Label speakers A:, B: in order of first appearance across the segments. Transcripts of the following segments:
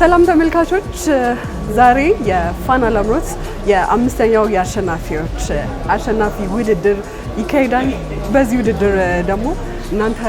A: ሰላም ተመልካቾች፣ ዛሬ የፋና ላምሮት የአምስተኛው የአሸናፊዎች አሸናፊ ውድድር ይካሄዳል። በዚህ ውድድር ደግሞ እናንተ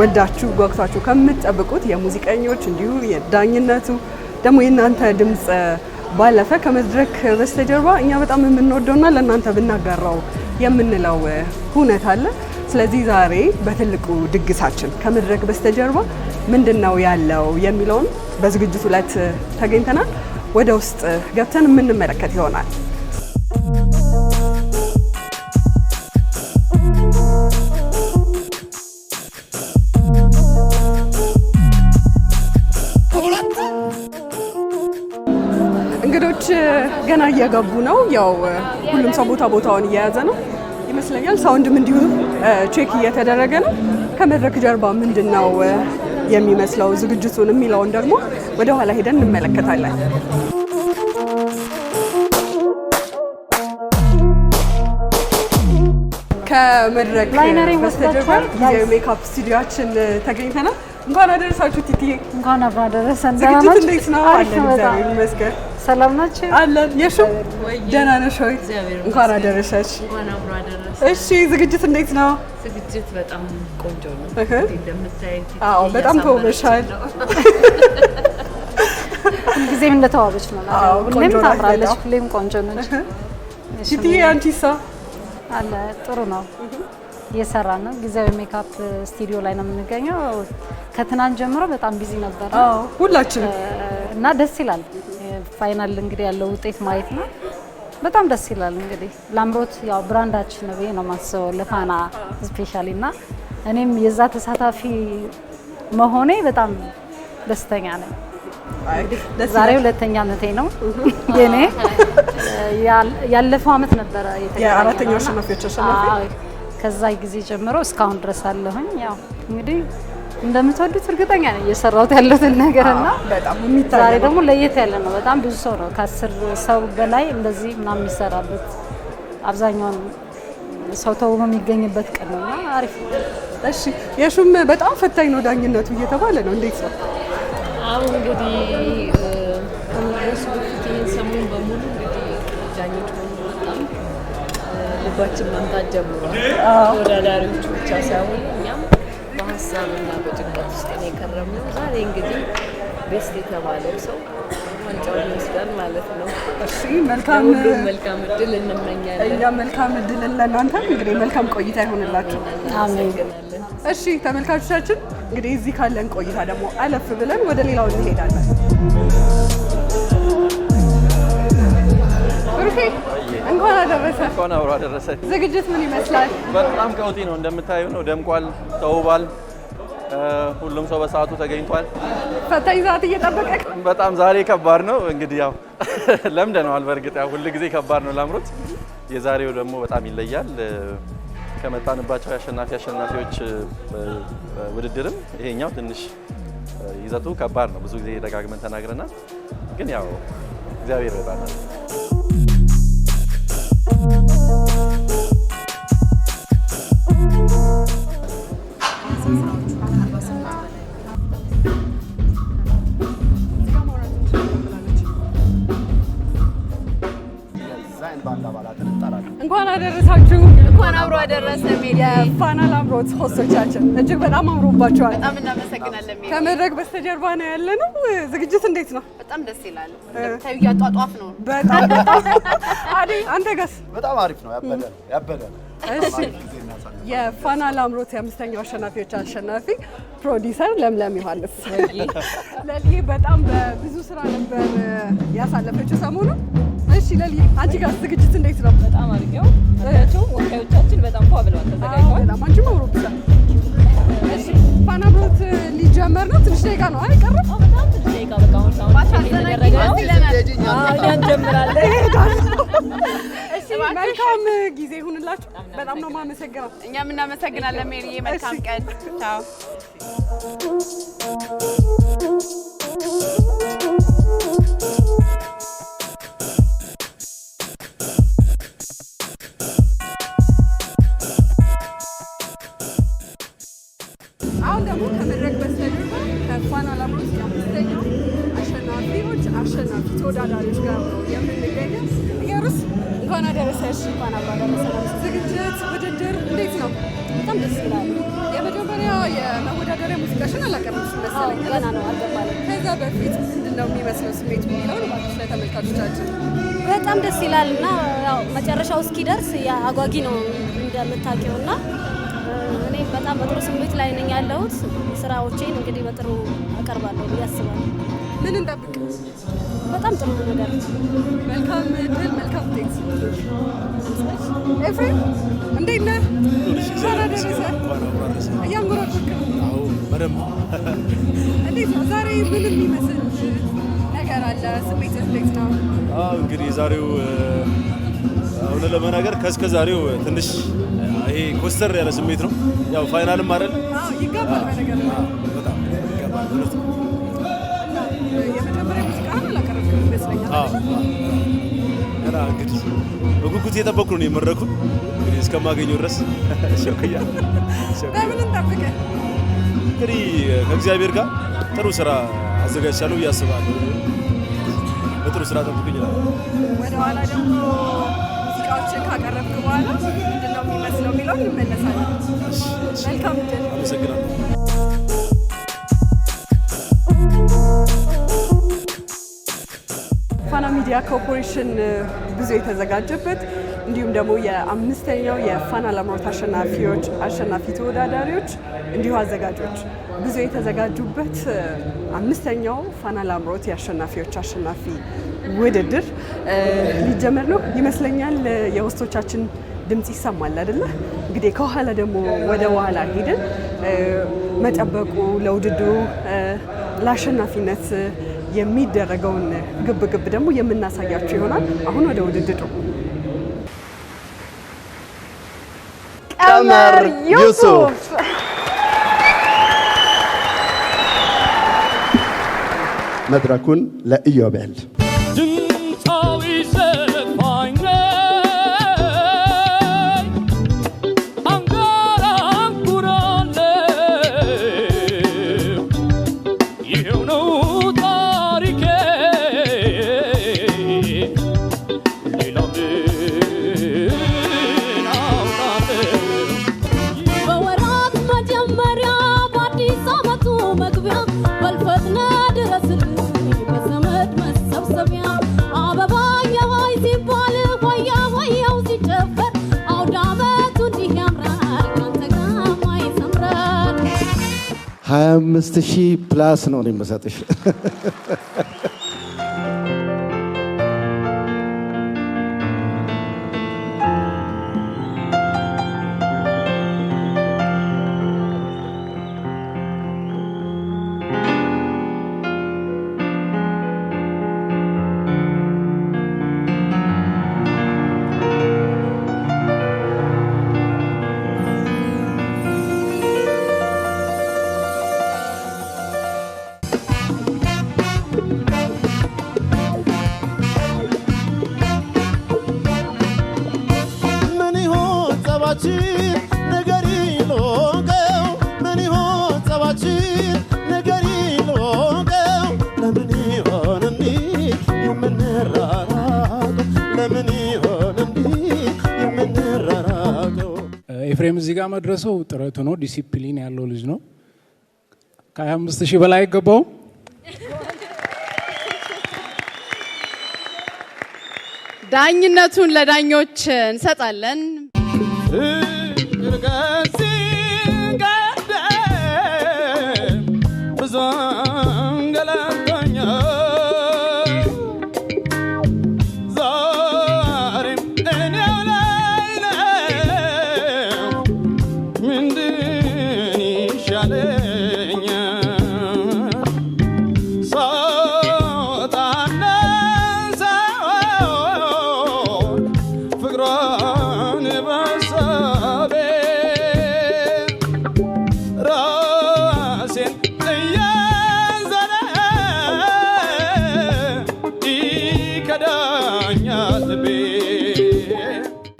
A: ወዳችሁ ጓጉታችሁ ከምትጠብቁት የሙዚቀኞች እንዲሁ የዳኝነቱ ደግሞ የእናንተ ድምፅ ባለፈ ከመድረክ በስተጀርባ እኛ በጣም የምንወደውና ለእናንተ ብናጋራው የምንለው ሁነት አለ። ስለዚህ ዛሬ በትልቁ ድግሳችን ከመድረክ በስተጀርባ ምንድን ነው ያለው የሚለውን በዝግጅቱ ላይ ተገኝተናል። ወደ ውስጥ ገብተን የምንመለከት ይሆናል። እንግዶች ገና እየገቡ ነው። ያው ሁሉም ሰው ቦታ ቦታውን እየያዘ ነው። ይመስለኛል። ሳውንድም እንዲሁ ቼክ እየተደረገ ነው። ከመድረክ ጀርባ ምንድን ነው የሚመስለው ዝግጅቱን የሚለውን ደግሞ ወደ ኋላ ሄደን እንመለከታለን። ከመድረክ በስተጀርባ ጊዜያዊ ሜካፕ ስቱዲዮችን ተገኝተናል። እንኳን አደረሳችሁ ቲቲ።
B: እንኳን አብረን አደረሰን።
A: ዝግጅት እንዴት ነው? አለን፣ እግዚአብሔር ይመስገን። ሰላም ናቸው አለን። የሹም ደህና ነሽ ወይ? እንኳን አደረሰሽ። እሺ፣ ዝግጅት እንዴት ነው?
C: ዝግጅት በጣም ቆንጆ ነው።
A: አዎ፣ በጣም ተውበሻል።
B: ሁልጊዜም እንደተዋበች ነው። ሁሌም ታምራለች፣ ሁሌም ቆንጆ ነች።
A: ሽትዬ አንቺሳ?
B: አለ ጥሩ ነው። እየሰራ ነው። ጊዜያዊ ሜካፕ ስቱዲዮ ላይ ነው የምንገኘው። ከትናንት ጀምሮ በጣም ቢዚ ነበር ሁላችንም እና ደስ ይላል። ፋይናል እንግዲህ ያለው ውጤት ማየት ነው። በጣም ደስ ይላል። እንግዲህ ላምሮት ያው ብራንዳችን ነው ብዬ ነው የማስበው ለፋና ስፔሻሊ እና እኔም የዛ ተሳታፊ መሆኔ በጣም ደስተኛ ነኝ። ዛሬ ሁለተኛነቴ ነው የኔ። ያለፈው አመት ነበረ
A: የአራተኛው አሸናፊዎች አሸናፊ።
B: ከዛ ጊዜ ጀምሮ እስካሁን ድረስ አለሁኝ። ያው እንግዲህ እንደምትወዱት እርግጠኛ ነኝ እየሰራሁት ያለሁትን ነገር እና ዛሬ ደግሞ ለየት ያለ ነው። በጣም ብዙ ሰው ነው ከአስር ሰው በላይ እንደዚህ ምናምን የሚሰራበት አብዛኛውን ሰው ተውቦ የሚገኝበት ቀን ነው እና አሪፍ
A: እሺ የሹም በጣም ፈታኝ ነው ዳኝነቱ እየተባለ ነው። እንዴት ነው
C: አሁን እንግዲህ ከመድረሱ በፊት ይህን ሰሞን በሙሉ እንግዲህ ዳኞች በሙሉ በጣም ልባችን መምታት ጀምሯል። ተወዳዳሪዎቹ ብቻ ሳይሆን በሀሳብና በጭንቀት ውስጥ ነው የከረምነው። ዛሬ እንግዲህ ቤስት የተባለው ሰው ዋንጫውን ይወስዳል ማለት ነው።
A: እሺ መልካም
C: መልካም እድል እንመኛለን።
A: እኛ መልካም እድል ለእናንተም እንግዲህ መልካም ቆይታ ይሆንላችሁ። እሺ ተመልካቾቻችን እንግዲህ እዚህ ካለን ቆይታ ደግሞ አለፍ ብለን ወደ ሌላው እንሄዳለን። ብሩኬ እንኳን አደረሰ።
D: እንኳን አብሮ አደረሰ።
A: ዝግጅት ምን ይመስላል?
D: በጣም ቀውጢ ነው እንደምታዩ ነው። ደምቋል፣ ተውባል። ሁሉም ሰው በሰዓቱ ተገኝቷል።
A: ፈታኝ ሰዓት እየጠበቀ
D: በጣም ዛሬ ከባድ ነው። እንግዲህ ያው ለምደነዋል። በእርግጥ ያው ሁል ጊዜ ከባድ ነው ላምሮት፣ የዛሬው ደግሞ በጣም ይለያል። ከመጣንባቸው የአሸናፊ አሸናፊዎች ውድድርም ይሄኛው ትንሽ ይዘቱ ከባድ ነው። ብዙ ጊዜ ደጋግመን ተናግረናል። ግን ያው እግዚአብሔር ይረዳናል።
A: እንኳን አደረሳችሁ።
C: እንኳን አብሮ አደረሰ።
A: ፋናል አምሮት ሆስቶቻችን እጅግ በጣም አምሮባቸዋል።
C: በጣም እናመሰግናለን።
A: ከመድረክ በስተጀርባ ነው ያለነው። ዝግጅት እንዴት ነው?
C: በጣም ደስ ይላል። ታዩ እያጧጧፍ ነው።
A: በጣም በጣም አንተ ጋስ
D: በጣም አሪፍ ነው። ያበደ ያበደ እሺ።
A: የፋናል አምሮት የአምስተኛው አሸናፊዎች አሸናፊ ፕሮዲሰር ለምለም ዮሐንስ ለሊ በጣም በብዙ ስራ ነበር ያሳለፈችው ሰሞኑን ደስ ይላል። አንቺ ጋር ዝግጅት እንዴት ነው?
C: በጣም አሪፍ ነው። አያቸውም ወካዮቻችን በጣም ፏ ብለዋል፣
A: ተዘጋጅተዋል። በጣም አንቺ አምሮብሻል። ፋና ብሮት ሊጀመር ነው። ትንሽ ደቂቃ ነው አይቀርም።
C: በጣም ትንሽ ደቂቃ በቃ አሁን
A: መልካም ጊዜ ይሁንላችሁ። በጣም ነው የማመሰግነው።
C: እኛም እናመሰግናለን ሜሪዬ። መልካም ቀን። ቻው
A: አምስት የአምስተኛው አሸናፊዎች አሸናፊ ተወዳዳሪዎች ጋር ነው የምንገኘው። ኢየሩስ
C: እንኳን አደረሰሽ። እንኳን አብሮ
A: ዝግጅት ውድድር እንዴት ነው?
B: በጣም ደስ ይላል።
A: የመጀመሪያ የመወዳደሪያ ሙዚቃሽን አላቀረብሽም
B: መሰለኝ። ገና ነው አልገባንም።
A: ከዛ በፊት ምንድን ነው የሚመስለው ስሜት የሚለውን ማለት ለተመልካቾቻችን
B: በጣም ደስ ይላል እና ያው መጨረሻው እስኪደርስ አጓጊ ነው እንደምታውቂው እና በጣም በጥሩ ስሜት ላይ ነኝ ያለሁት። ስራዎቼን እንግዲህ በጥሩ አቀርባለሁ ብዬ አስባለሁ። ምን እንጠብቅ? በጣም ጥሩ ነገር።
A: መልካም ድል፣ መልካም ቴክስ። ኤፍሬም እንዴት ነህ? እያንጎራጎርክ በደንብ። እንዴት ነው ዛሬ ምን የሚመስል ነገር አለ? ስሜት እንዴት ነው?
D: እንግዲህ እውነት ለመናገር ከእስከ ዛሬው ትንሽ ይሄ ኮስተር ያለ ስሜት ነው። ያው ፋይናልም አይደል
A: ይገባል፣ በነገር
D: እንግዲህ በጉጉት እየጠበኩ ነው የመድረኩን እንግዲህ እስከማገኘው ድረስ ሸቆያ እንግዲህ ከእግዚአብሔር ጋር ጥሩ ስራ አዘጋጅቻለሁ ብዬ አስባለሁ። በጥሩ ስራ ጠብቁኝ
A: ወደኋላ ደግሞ ሙዚቃዎችን ካቀረብክ በኋላ ምንድነው ብለው ይመለሳሉ። መልካም አመሰግናለሁ። ፋና ሚዲያ ኮርፖሬሽን ብዙ የተዘጋጀበት እንዲሁም ደግሞ የአምስተኛው የፋና ላምሮት አሸናፊዎች አሸናፊ ተወዳዳሪዎች እንዲሁ አዘጋጆች ብዙ የተዘጋጁበት አምስተኛው ፋና ላምሮት የአሸናፊዎች አሸናፊ ውድድር ሊጀመር ነው ይመስለኛል። የሆስቶቻችን ድምፅ ይሰማል አይደለ? እንግዲህ ከኋላ ደግሞ ወደ ኋላ ሄደን መጠበቁ ለውድድሩ ለአሸናፊነት የሚደረገውን ግብ ግብ ደግሞ የምናሳያችሁ ይሆናል። አሁን ወደ ውድድሩ ቀመር ዩሱፍ
E: መድረኩን ለኢዮቤል አምስት ሺህ ፕላስ ነው የምሰጥሽ። ኤፍሬም እዚህ ጋር መድረሰው ጥረቱ ነው። ዲሲፕሊን ያለው ልጅ ነው። ከ25 ሺህ በላይ አይገባው።
A: ዳኝነቱን ለዳኞች እንሰጣለን። ያለኝ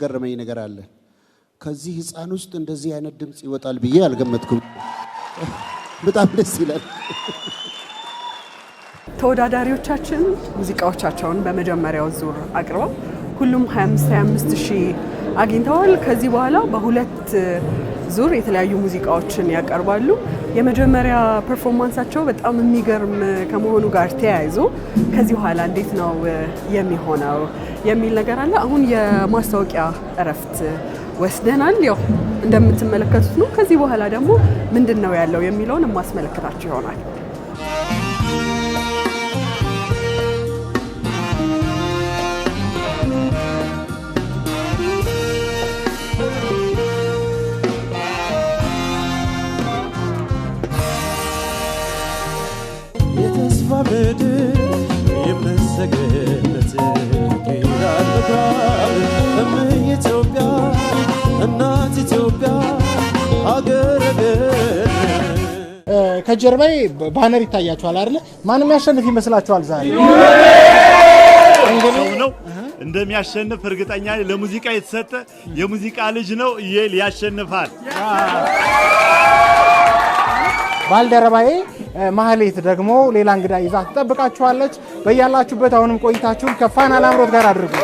E: ገረመኝ ነገር አለ። ከዚህ ህፃን ውስጥ እንደዚህ አይነት ድምፅ ይወጣል ብዬ አልገመትኩም። በጣም ደስ ይላል።
A: ተወዳዳሪዎቻችን ሙዚቃዎቻቸውን በመጀመሪያው ዙር አቅርበው ሁሉም 25 ሺህ አግኝተዋል። ከዚህ በኋላ በሁለት ዙር የተለያዩ ሙዚቃዎችን ያቀርባሉ። የመጀመሪያ ፐርፎርማንሳቸው በጣም የሚገርም ከመሆኑ ጋር ተያይዞ ከዚህ በኋላ እንዴት ነው የሚሆነው የሚል ነገር አለ። አሁን የማስታወቂያ እረፍት ወስደናል። ያው እንደምትመለከቱት ነው። ከዚህ በኋላ ደግሞ ምንድን ነው ያለው የሚለውን የማስመለከታችሁ ይሆናል።
F: ጀርባዬ ባነር ይታያችኋል አይደለ? ማንም ያሸንፍ ይመስላችኋል ዛሬ?
G: እንደሚያሸንፍ እርግጠኛ ለሙዚቃ የተሰጠ የሙዚቃ ልጅ ነው። ይል ያሸንፋል።
F: ባልደረባዬ ማህሌት ደግሞ ሌላ እንግዳ ይዛ ትጠብቃችኋለች። በያላችሁበት አሁንም ቆይታችሁን ከፋና ላምሮት ጋር አድርጉ።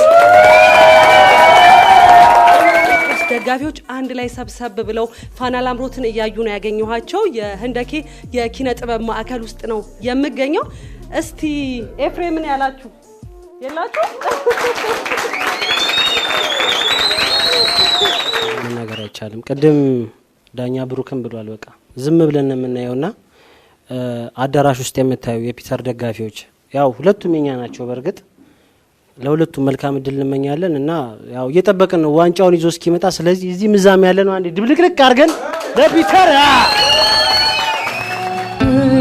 A: ደጋፊዎች አንድ ላይ ሰብሰብ ብለው ፋና ላምሮትን እያዩ ነው ያገኘኋቸው። የህንደኬ የኪነ ጥበብ ማዕከል ውስጥ ነው የምገኘው። እስቲ ኤፍሬምን ያላችሁ የላችሁ
H: መናገር አይቻልም። ቅድም ዳኛ ብሩክን ብሏል። በቃ ዝም ብለን የምናየውና አዳራሽ ውስጥ የምታዩ የፒተር ደጋፊዎች ያው ሁለቱም የኛ ናቸው በእርግጥ ለሁለቱም መልካም እድል እንመኛለን እና ያው እየጠበቅን ነው ዋንጫውን ይዞ እስኪመጣ። ስለዚህ እዚህ ምዛም ያለ ነው አንዴ ድብልቅልቅ አድርገን ለፒተር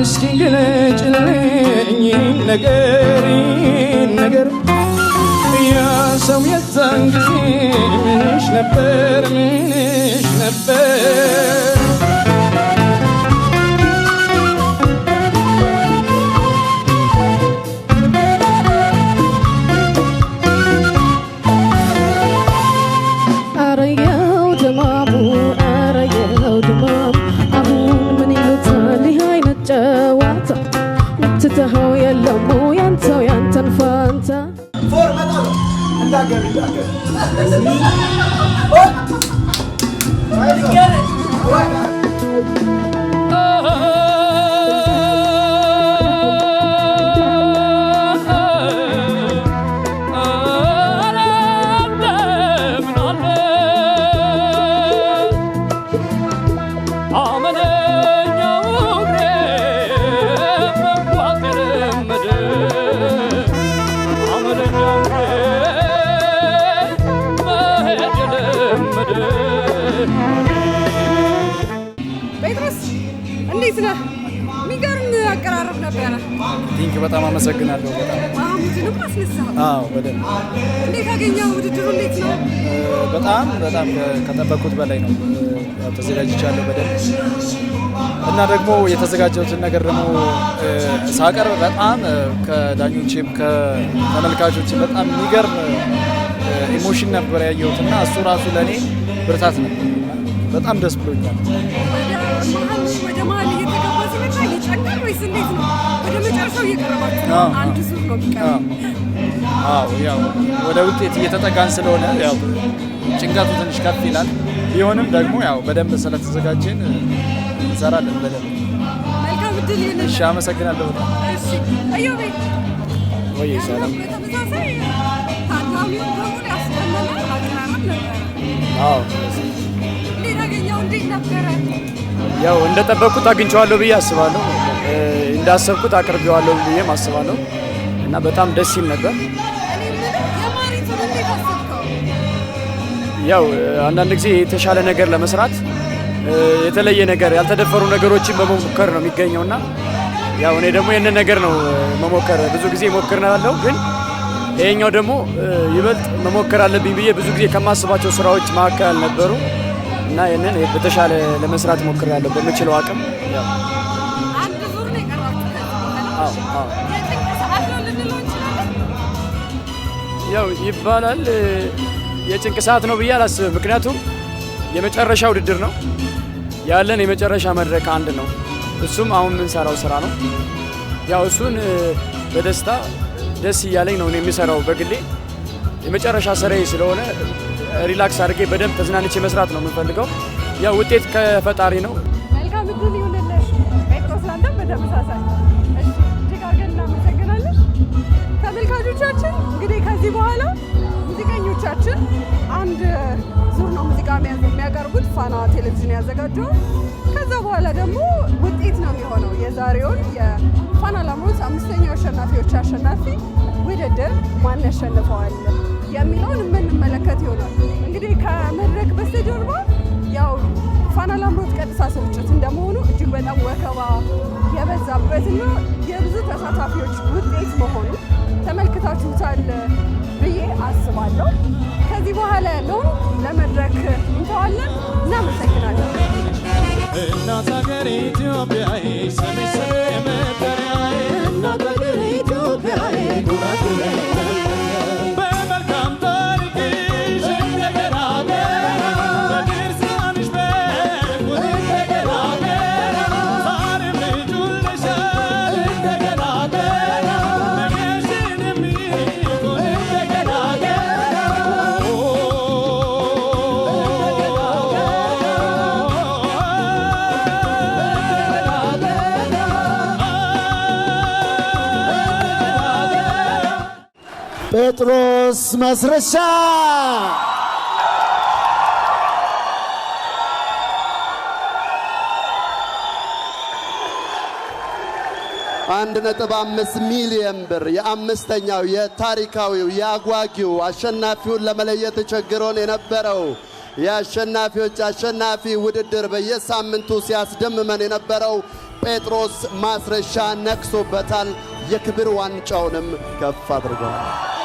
H: እስኪ ነገር ነገር ያ ሰው የዛን ጊዜ ምንሽ ነበር ምንሽ
A: ነበር በደንብ እንዴት አገኘው? ውድድሩ እንዴት ነው?
I: በጣም በጣም ከጠበቁት በላይ ነው። ተዘጋጅቻለሁ በደንብ እና ደግሞ የተዘጋጀሁትን ነገር ደግሞ ሳቀርብ በጣም ከዳኞችም ከተመልካቾችም በጣም የሚገርም ኢሞሽን ነበር ያየሁት እና እሱ ራሱ ለእኔ ብርታት ነበር። በጣም ደስ ብሎኛል።
A: ወደ መሀል እየተገባ ነው? አንድ ዙር ነው ቢቀር
I: ያው ወደ ውጤት እየተጠጋን ስለሆነ ያው ጭንቀቱ ትንሽ ከፍ ይላል። ቢሆንም ደግሞ ያው በደንብ ስለተዘጋጀን እንሰራለን በደንብ። እሺ፣ አመሰግናለሁ። እሺ፣ አዮቤ ወይ ሰላም ያው እንደጠበቅኩት አግኝቼዋለሁ ብዬ አስባለሁ። እንዳሰብኩት አቅርቤዋለሁ ብዬም አስባለሁ እና በጣም ደስ ይል ነበር። ያው አንዳንድ ጊዜ የተሻለ ነገር ለመስራት የተለየ ነገር ያልተደፈሩ ነገሮችን በመሞከር ነው የሚገኘው እና ያው እኔ ደግሞ ይህንን ነገር ነው መሞከር ብዙ ጊዜ ሞክር ያለው ግን ይሄኛው ደግሞ ይበልጥ መሞከር አለብኝ ብዬ ብዙ ጊዜ ከማስባቸው ስራዎች መካከል ነበሩ እና ይህንን በተሻለ ለመስራት ሞክር ያለው በምችለው አቅም ያው ይባላል የጭንቅ ሰዓት ነው ብዬ አላስብም። ምክንያቱም የመጨረሻ ውድድር ነው ያለን የመጨረሻ መድረክ አንድ ነው። እሱም አሁን የምንሰራው ስራ ነው። ያው እሱን በደስታ ደስ እያለኝ ነው የሚሰራው። በግሌ የመጨረሻ ስራዬ ስለሆነ ሪላክስ አድርጌ በደንብ ተዝናንቼ መስራት ነው የምንፈልገው። ያው ውጤት ከፈጣሪ ነው።
A: ተመልካቾቻችን እንግዲህ ከዚህ በኋላ ቻችን አንድ ዙር ነው ሙዚቃ የሚያቀርቡት ፋና ቴሌቪዥን ያዘጋጀው። ከዛ በኋላ ደግሞ ውጤት ነው የሚሆነው የዛሬውን የፋና ላምሮት አምስተኛው አሸናፊዎች አሸናፊ ውድድር ማን ያሸንፈዋል የሚለውን የምንመለከት ይሆናል። እንግዲህ ከመድረክ በስተጀርባ ያው ፋና ላምሮት ቀጥታ ስርጭት እንደመሆኑ እጅግ በጣም ወከባ የበዛበትና የብዙ ተሳታፊዎች ውጤት መሆኑ ተመልክታችሁታል። አስባለሁ። ከዚህ በኋላ ያለውን ለመድረክ እንተዋለን። እናመሰግናለን። እናት ሀገር ኢትዮጵያ ሰሚሰ መጠሪያ እናት ሀገር ኢትዮጵያ
E: ማስረሻ አንድ ነጥብ አምስት ሚሊየን ብር የአምስተኛው የታሪካዊው የአጓጊው አሸናፊውን ለመለየት ቸግሮን የነበረው የአሸናፊዎች አሸናፊ ውድድር በየሳምንቱ ሲያስደምመን የነበረው ጴጥሮስ ማስረሻ ነክሶበታል። የክብር ዋንጫውንም ከፍ አድርጓል።